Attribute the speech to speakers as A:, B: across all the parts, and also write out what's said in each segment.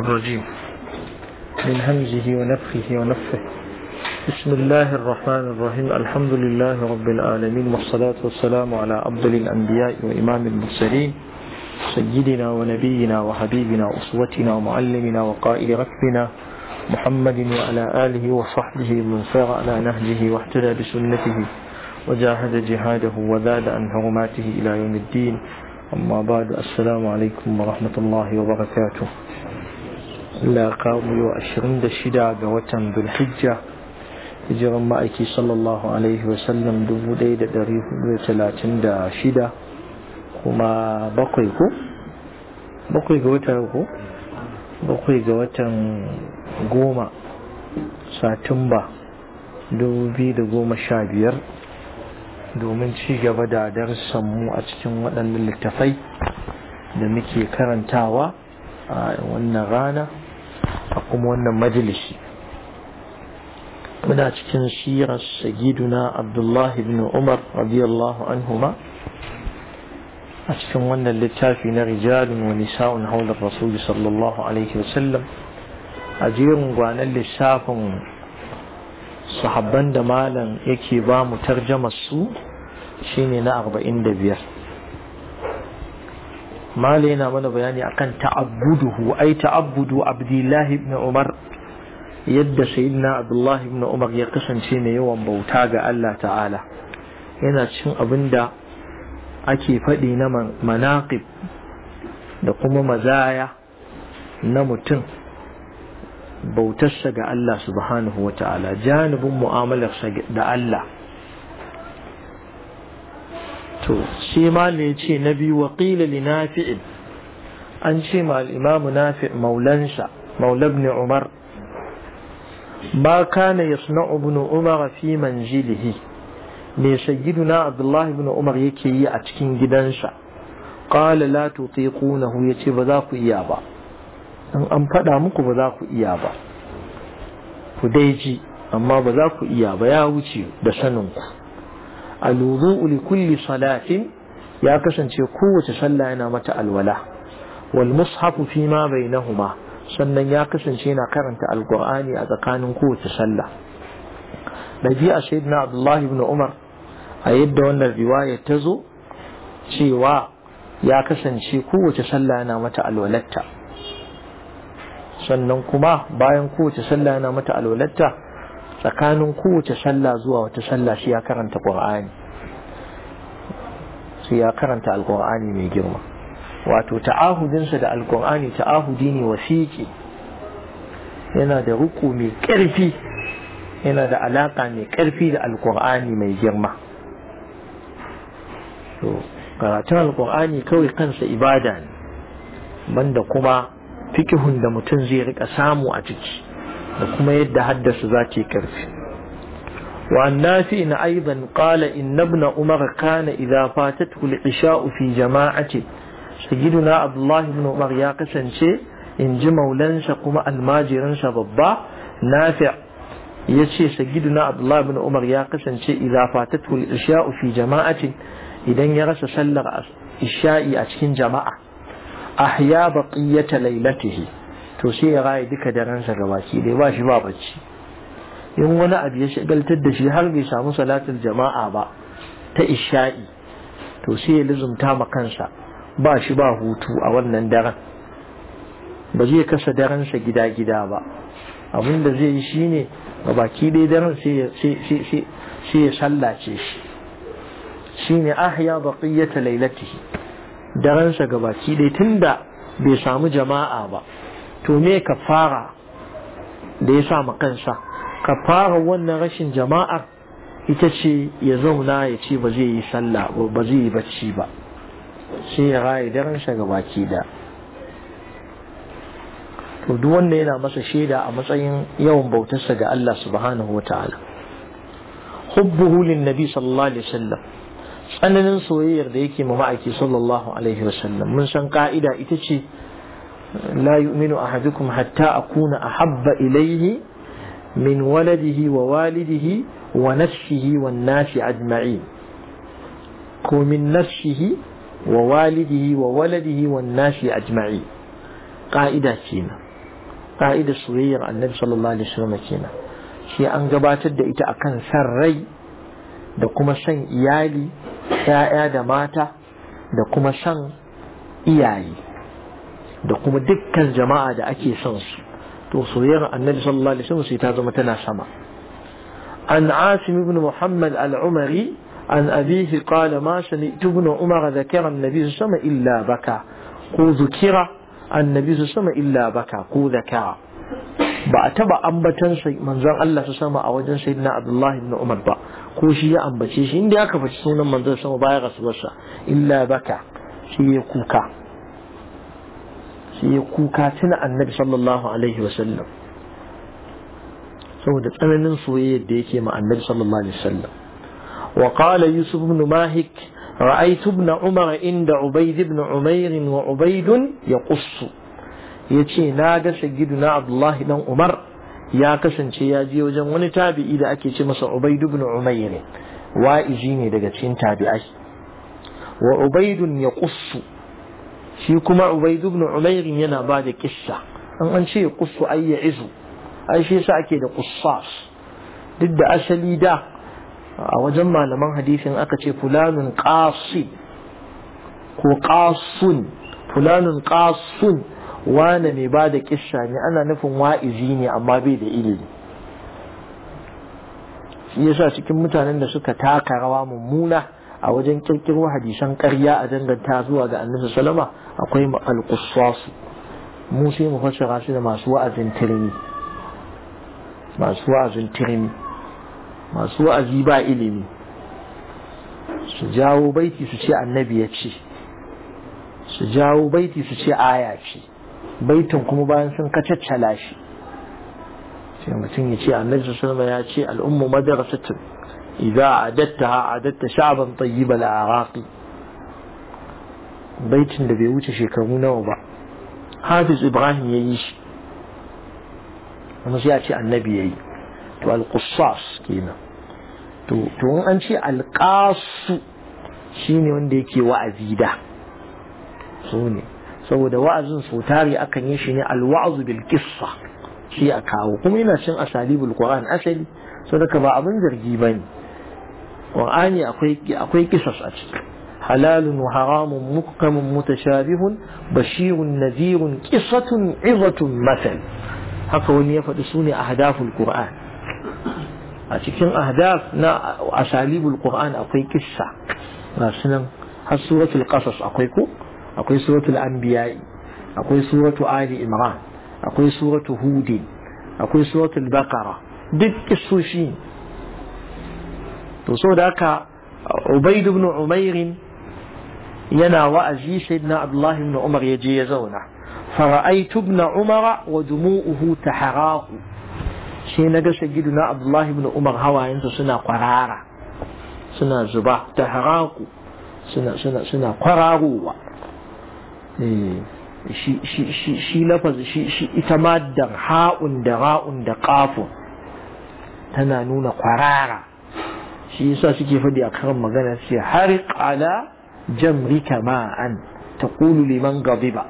A: الرجيم من همزه ونفخه ونفه بسم الله الرحمن الرحيم الحمد لله رب العالمين والصلاة والسلام على أفضل الأنبياء وإمام المرسلين سيدنا ونبينا وحبيبنا أسوتنا ومعلمنا وقائد ركبنا محمد وعلى آله وصحبه من سار على نهجه واهتدى بسنته وجاهد جهاده وزاد عن حرماته إلى يوم الدين أما بعد السلام عليكم ورحمة الله وبركاته Allah kawo yau ashirin da shida ga watan Zulhijja hijiran ma'aiki sallallahu alaihi wasallam dubu ɗaya da ɗari hudu da talatin da shida kuma bakwai ko? bakwai ga watan ko? bakwai ga watan goma satumba dubu biyu da goma sha biyar domin ci gaba da darussanmu a cikin waɗannan littattafai da muke karantawa a wannan rana a kuma wannan majalisi muna cikin shirar shagiduna abdullahi bin umar radiyallahu anhuma a cikin wannan littafi na rijalun wa nisa'un haular rasuli sallallahu alaihi wasallam a jerin gwanan lissafin sahabban da malam yake ba mu tarjama su shine na 45 Mali yana mana bayani akan ta'abbuduhu ai ta'abbudu Abdullahi ibn umar yadda sayyidina Abdullahi ibn umar ya kasance mai yawan bauta ga Allah ta'ala yana cin abinda ake faɗi na manaqib da kuma mazaya na mutum bautarsa ga Allah subhanahu wa ta'ala janibin mu'amalarsa da Allah to shi malai ce na biyu wa qila li nafi'in an ce ma al-imamu nafi maulansa maula ibn umar ma kana yasna'u ibn umar fi manzilihi me sayyiduna abdullahi ibn umar yake yi a cikin gidansa qala la tutiqunahu yace ba za ku iya ba in an faɗa muku ba za ku iya ba ku dai ji amma ba za ku iya ba ya wuce da saninku الوضوء لكل صلاة يا كسن قوة صلاة نامة الولا والمصحف فيما بينهما سنة يا كسن شينا قرنت القرآن إذا كان قوة صلاة نجي سيدنا عبد الله بن عمر أيد أن الرواية تزو سوى يا كسن قوة صلاة نامة الولتة سنة كما باين قوة صلاة نامة الولتة tsakanin kowace sallah zuwa wata sallah shi ya karanta qur'ani shi ya karanta mai girma wato ta'ahudinsa da alqur'ani ta'ahudi ne wasiƙi yana da ruku mai ƙarfi yana da alaƙa mai ƙarfi da alƙur'ani mai girma to karatun alƙur'ani kawai kansa ibada ne banda kuma fikihun da mutum zai rika samu a ciki da kuma yadda haddasa za karfi وعن نافع أيضا قال إن ابن عمر كان إذا فاتته العشاء في جماعة سيدنا عبد الله بن عمر يا شيء إن جمعوا لنسى قما الماجرنسى ببا نافع يشي سيدنا عبد الله بن عمر يا شيء إذا فاتته العشاء في جماعة إذا يرس سلغ إشاء أتكين جماعة أحيا بقية ليلته to sai ya raye duka daransa gabaki dai ba shi ba bacci in wani abu ya shagaltar da shi har bai samu salatin jama'a ba ta isha'i to sai ya lizumta ma kansa ba shi ba hutu a wannan daren ba zai kasa daransa gida-gida ba abin da zai yi shi ne gabaki dai daren sai ya sallace shi Shi shine ahya baqiyata lailatihi daransa gabaki dai da bai samu jama'a ba to me ka fara da ya sa kansa fara wannan rashin jama'ar ita ce ya zauna ya ce ba zai yi sallah ba zai yi bacci ba sai ya raye da sa ga baki da to duk wanda yana masa shaida a matsayin yawan bautarsa ga Allah subhanahu wataala hubbuhu lin nabi sallallahu alaihi wasallam tsananin soyayyar da yake ma ma'aiki sallallahu alaihi wasallam mun san ka'ida ita ce لا يؤمن أحدكم حتى أكون أحب إليه من ولده ووالده ونفسه والناس أجمعين من نفسه ووالده وولده والناس أجمعين قائدة كينا قائدة صغيرة النبي صلى الله عليه وسلم كينا شيء أن gabatar da أكن سري san rai da kuma san iyali ‘ya'ya da mata da kuma san iyaye da kuma dukkan jama'a da ake son su to soyayyar annabi sallallahu alaihi wasallam sai ta zama tana sama an asim ibn muhammad al-umari an abihi qala ma shani ibn umar zakara annabi sallallahu alaihi wasallam illa baka ko zukira annabi sallallahu alaihi wasallam illa baka ko zakara ba a taba ambatan sai manzon Allah sama a wajen sayyidina abdullahi ibn umar ba ko shi ya ambace shi inda aka kafa sunan manzon sama baya rasuwarsa illa baka shi ya kuka sai kuka tuna annabi sallallahu alaihi wasallam saboda tsananin soyayyar da yake ma annabi sallallahu alaihi wasallam wa qala yusuf ibn mahik ra'aytu ibn umar inda ubayd ibn ya wa ubayd yaqus yace na ga na abdullahi dan umar ya kasance ya je wajen wani tabi'i da ake ce masa ubayd ibn umayr wa'izi ne daga cikin tabi'ai wa ubayd yaqussu shi kuma ubaidu ibn umair yana ba da kissa an an ce qussu ay ya'izu ai shi yasa ake da qussas duk da asali da a wajen malaman hadisin aka ce fulanun qasi ko qasun fulanun qasun wane mai ba da kissa ne ana nufin wa'izi ne amma bai da ilimi shi yasa cikin mutanen da suka taka rawa mummuna a wajen kirkiro hadisan ƙarya a danganta zuwa ga annabi salama akwai al-qussas mu sai mu fassara shi da masu wa'azin tirmi masu wa'azin tirmi masu wa'azi ba ilimi su jawo baiti su ce annabi ya ce su jawo baiti su ce aya ce baitin kuma bayan sun kacaccala shi sai mutum ya ce annabi salama ya ce al'ummu madrasatun إذا أعددتها أعددت شعبا طيب العراقي بيت النبي وش شكرونا وبا هذا إبراهيم يعيش أنا جاءت النبي يعي تو القصاص كينا تو تو أن شيء القاص شيني عندك وعزيدة سوني سو ده وعز سوتاري أكن يشيني الوعظ بالقصة شيء أكاو قمينا شن أساليب القرآن أسلي سو ده كبعض من ذرجي وأني أقوي قصص حلال وحرام مقم متشابه بشير نذير قصة عظة مثل هكذا يفتسون أهداف القرآن أتكين أهداف نا أساليب القرآن أقوي قصة سنن هل سورة القصص أقويكو أقوي سورة الأنبياء أقوي سورة آل إمران أقوي سورة هود أقوي سورة البقرة دك السوشين to so da haka ubaid ibn umair yana wa'azi sayyidina abdullahi ibn umar ya je ya zauna fara'aitu ibn umara wa dumu'uhu taharahu sai na ga sayyidina abdullahi ibn umar hawayensa suna kwarara suna zuba taharaku suna suna suna kwararowa shi shi shi shi lafazi shi shi ita ma da ha'un da ra'un da qafun tana nuna kwarara shi yasa suke fadi a karin magana sai harik ala jamrika ma'an taqulu liman ghadiba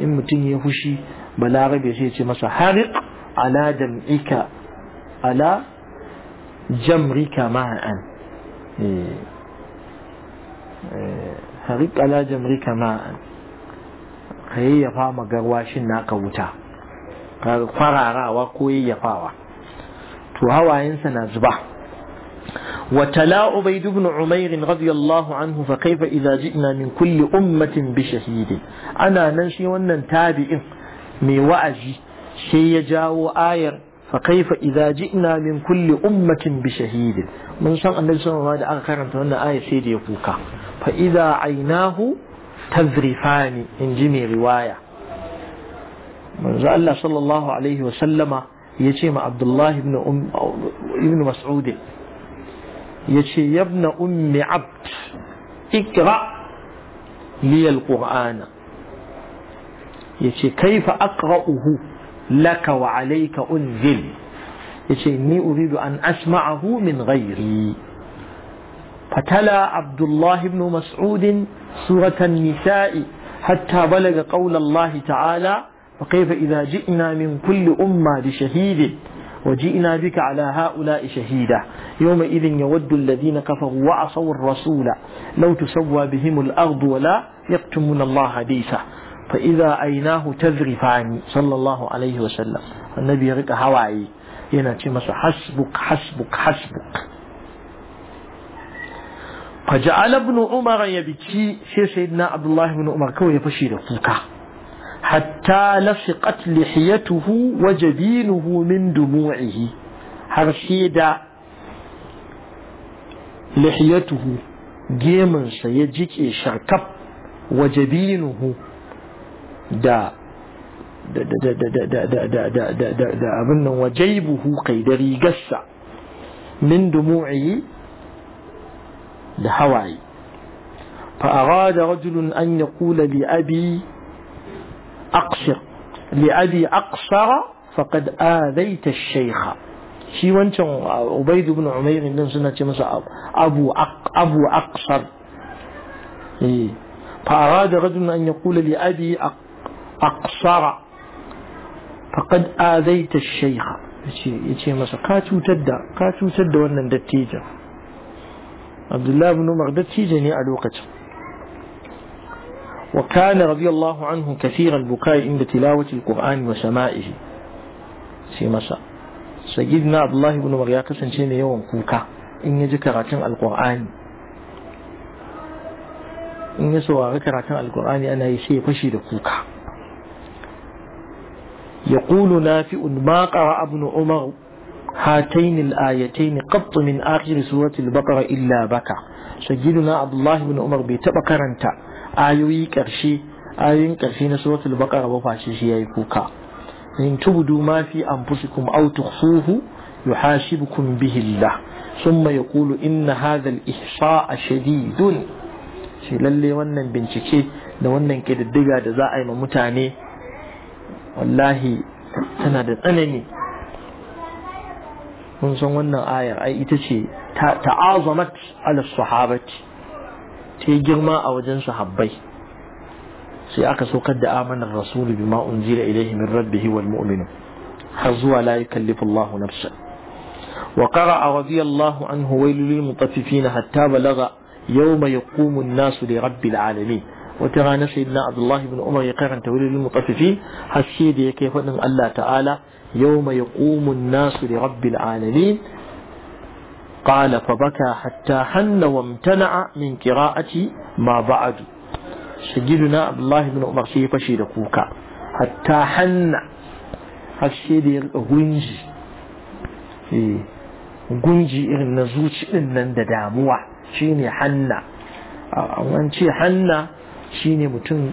A: in mutum ya hushi balarabe sai ce masa harik ala jam'ika ala jamrika ma'an harik ala jamrika ma'an ka yayyafa magarwashin naka wuta ka kwararawa ko yayyafawa to hawayensa na zuba وتلاء عبيد بن عمير رضي الله عنه فكيف إذا جئنا من كل أمة بشهيد أنا ننشي ونن تابع مي وأجي شي يجاو آير فكيف إذا جئنا من كل أمة بشهيد من شان النبي صلى الله عليه وسلم أن آية سيدي يفوكا فإذا عيناه تذرفان إن جمي رواية من الله صلى الله عليه وسلم يجيم عبد الله بن, أم ابن مسعود يشي ابن أم عبد اقرأ لي القرآن يشي كيف أقرأه لك وعليك أنزل يشي إني أريد أن أسمعه من غيري فتلا عبد الله بن مسعود سورة النساء حتى بلغ قول الله تعالى وكيف إذا جئنا من كل أمة بشهيد وجئنا بك على هؤلاء شهيدا يومئذ يود الذين كفروا وعصوا الرسول لو تسوى بهم الأرض ولا يكتمون الله حديثا فإذا أيناه تذرفان صلى الله عليه وسلم النبي يرك هواي يناتي مسا حسبك حسبك حسبك فجعل ابن عمر يبكي سيدنا عبد الله بن عمر كوي يفشي لفوكا حتى لفقت لحيته وجبينه من دموعه دا لحيته جيما سيجيك شركب وجبينه دا دا دا دا دا دا دا دا دا دا دا دا دا أبنا وجيبه قيدري قسا من دموعه لحوائي فأراد رجل أن يقول لأبي أقصر لأبي أقصر فقد آذيت الشيخ شي وانتم عبيد بن عمير اللي سنة مساء أبو, أق أبو أقصر إيه. فأراد رجل أن يقول لأبي أقصر فقد آذيت الشيخ يتي مساء كاتو تدى كاتو تدى وانا عبد الله بن عمر دتيجني على الوقت وكان رضي الله عنه كثير البكاء عند تلاوة القرآن وسمائه سيمسا سيدنا عبد الله بن مرياك سنشين يوم كوكا إن يذكر القرآن إن يسوار القرآن أنا يسي فشيد كوكا يقول نافع ما قرأ ابن عمر هاتين الآيتين قط من آخر سورة البقرة إلا بكى سيدنا عبد الله بن عمر بيتبكر أنت ayoyi ƙarshe ayoyin ƙarshe na suratul baqara ba face shi yayi kuka in tubdu ma fi anfusikum aw tukhfuhu yuhasibukum bihi Allah ثم inna إن هذا الإحصاء شديد shi lalle wannan bincike da wannan kididdiga da za a yi ma mutane wallahi tana da tsanani mun san wannan ayar ai ita ce ta'azamat ala sahabati sai girma a wajen sahabbai sai aka saukar da amanar rasulu bima unzila ilaihi min rabbihi wal mu'minin har zuwa la yukallifu Allahu nafsan wa qara'a radiyallahu anhu waylul lil mutaffifin hatta balagha yawma yaqumu an-nasu li rabbil alamin wata rana sayyidina abdullah ibn umar ya karanta wailul lil mutaffifin har sai da yake fadin Allah ta'ala yawma yaqumu an-nasu li rabbil alamin قال فبكى حتى حن وامتنع من قراءة ما بعد سيدنا عبد الله بن عمر في فشي كوكا حتى حن هالشيء غنجي إيه. غنجي إن نزوج إن ندعموا شيني حن أوان شي حن شيني متن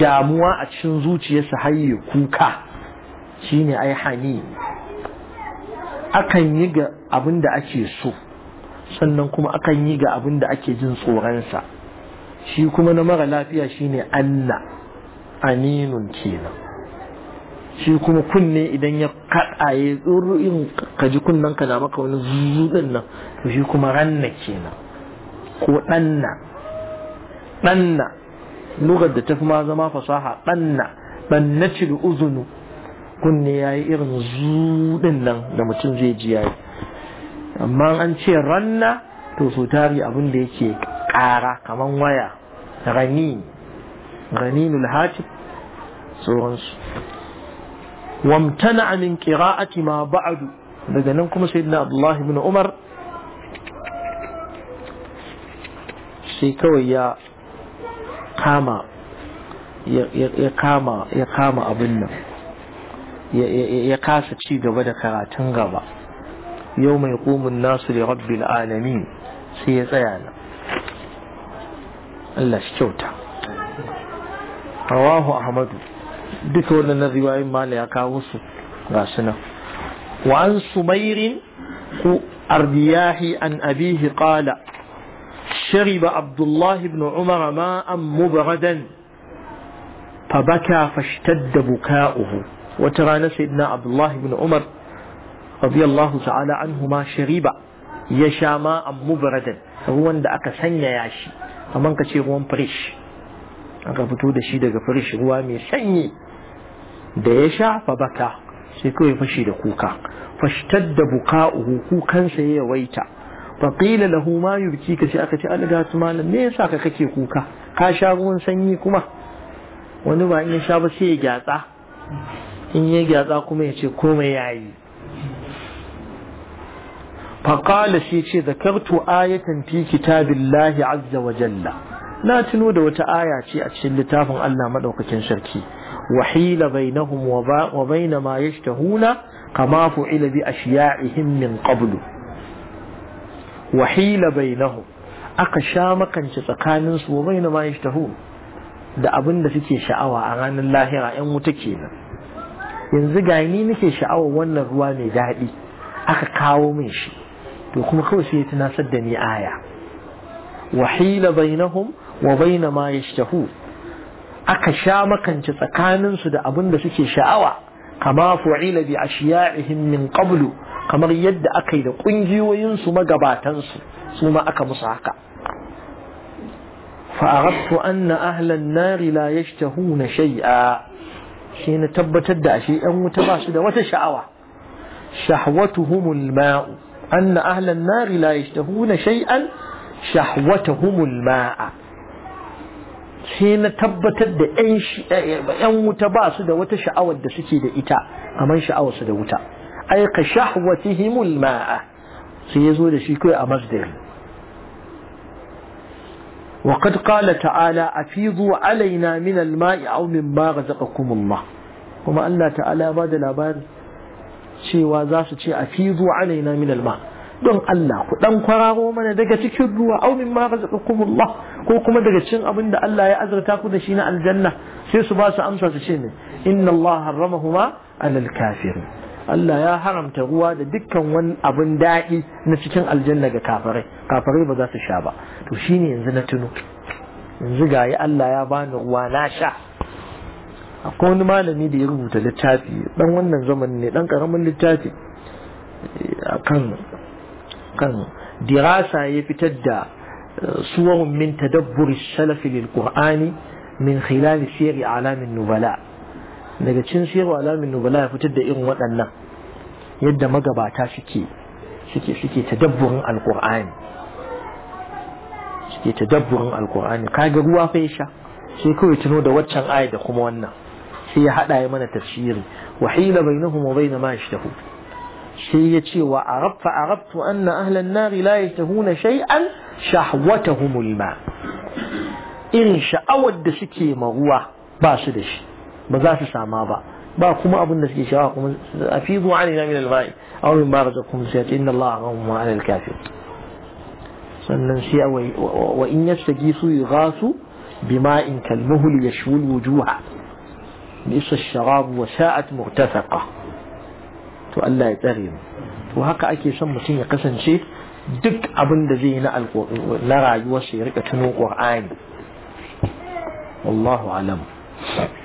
A: دعموا أتشنزوج يسحي كوكا شيني أي حنين akan yi ga abin da ake so sannan kuma akan yi ga abin da ake jin tsoronsa shi kuma na mara lafiya shine Allah aminun kenan shi kuma kunne idan ya kaɗa ya tsoro in kaji kunnen ka na maka wani zuzuɗin nan to shi kuma ranna kenan ko ɗanna ɗanna lugar da ta fi ma zama fasaha ɗanna ɗanna cil uzunu kunne ya yi irin zuɗin nan da mutum zai ji yayi amma an ce ranna to su tari abin da yake ƙara kamar waya rani raninul hatib sauransu wamtana min qira'ati ma ba'du daga nan kuma sayyidina Abdullah ibn Umar sai kawai ya kama ya kama ya kama abin nan ya kasa ci gaba da karatun gaba yau mai ƙumin nasu da rabbil alamin sai ya tsaya na Allah shi kyauta rawahu ahmadu duka wannan na riwayoyin mala ya kawo su ga su nan wa an sumairin ku ardiyahi an abihi qala شرب عبد الله بن عمر ماء مبردا فبكى فاشتد بكاؤه wata rana sayyidina abdullahi bin umar radiyallahu ta'ala anhu ma shariba ya sha ma an mubaradan ruwan da aka sanyaya shi kamar ka ce ruwan firish aka fito da shi daga firish ruwa mai sanyi da ya sha fa baka sai kawai fashi da kuka fashtar da uku, kukansa ya yawaita faƙila da Huma yubki ka ce aka ce alaga gasu malam me yasa ka kake kuka ka sha ruwan sanyi kuma wani ba in sha ba sai ya gyatsa in ya gyatsa kuma ya ce komai ya yi faƙala shi ce zakartu ayatan fi kitabillahi azza wa jalla na tuno da wata aya ce a cikin littafin Allah madaukakin sarki وحيل بينهم وبين ما يشتهون كما فعل بأشياعهم من قبل وحيل بينهم أقشام كان تسقانس وبين ta hun, da abin da suke sha'awa a ranar lahira ‘yan wuta kenan yanzu ga ni nake sha'awar wannan ruwa mai daɗi aka kawo min shi to kuma kawai sai ya tunasar da ni aya wahila bainahum wa baina ma yashtahu aka sha makance tsakanin su da abin da suke sha'awa kama fu'ila bi ashiya'ihim min qablu kamar yadda aka yi da kungiyoyin su magabatan su su ma aka musu haka fa aradtu anna ahlan nar la yashtahuna shay'a sai na tabbatar da ashe ɗan wuta ba su da wata sha'awa shahwatuhumul ma'u anna ahlan nari la yashtahuna shay'an shahwatuhumul ma'a sai na tabbatar da ɗan ɗan wuta ba su da wata sha'awar da suke da ita amma sha'awar su da wuta ai ka shahwatihimul ma'a sai yazo da shi kai a masdari وقد قال تعالى أفيضوا علينا من الماء أو مما رزقكم الله وما الله تعالى بعد الأبار cewa za su ce a fi zuwa alaina min alma don Allah ku dan kwararo mana daga cikin ruwa au min ma razaqakumullah ko kuma daga cikin abin da Allah ya azurta ku da shi na aljanna sai su ba su amsa su ce ne inna Allah harramahuma alal kafirin Allah ya haramta ruwa da dukkan wani abin daɗi na cikin aljanna ga kafirai kafirai ba za su sha ba to ne yanzu na tuno yanzu gayi Allah ya bani ruwa na sha akwai wani malami da ya rubuta littafi dan wannan zamanin ne dan karamin littafi eh, A kan dirasa ya fitar da eh, suwarun min tadabburi salafi lil qur'ani min khilali siyar alamin nubala daga cin shehu alamin nubala ya fitar da irin waɗannan yadda magabata suke suke suke dabburin alkur'ani suke ta dabburin alƙur'ani kaga ruwa fa ya sha sai kawai tuno da waccan aya da kuma wannan sai ya haɗa ya mana tafsiri wa hila bainahum wa bain ma yashtahu sai ya ce wa arafa arabtu anna ahlan nari la yashtahuna shay'an shahwatahumul ma irin sha'awar da suke ma ruwa ba su da shi ba za su sama ba ba kuma abin da suke shawa kuma a fi zuwa an ina min alba'i a wani ba raja kuma sai ce inna Allah ga mu ma'anar kafir sannan sai wa in yastagi su yi gasu bima'in kalmuhul yashwul wujuha bisa sharab wa sha'at murtafaqa to Allah ya tsare mu to haka ake son mutum ya kasance duk abin da zai yi na na rayuwarsa ya rika tuno Qur'ani wallahu alam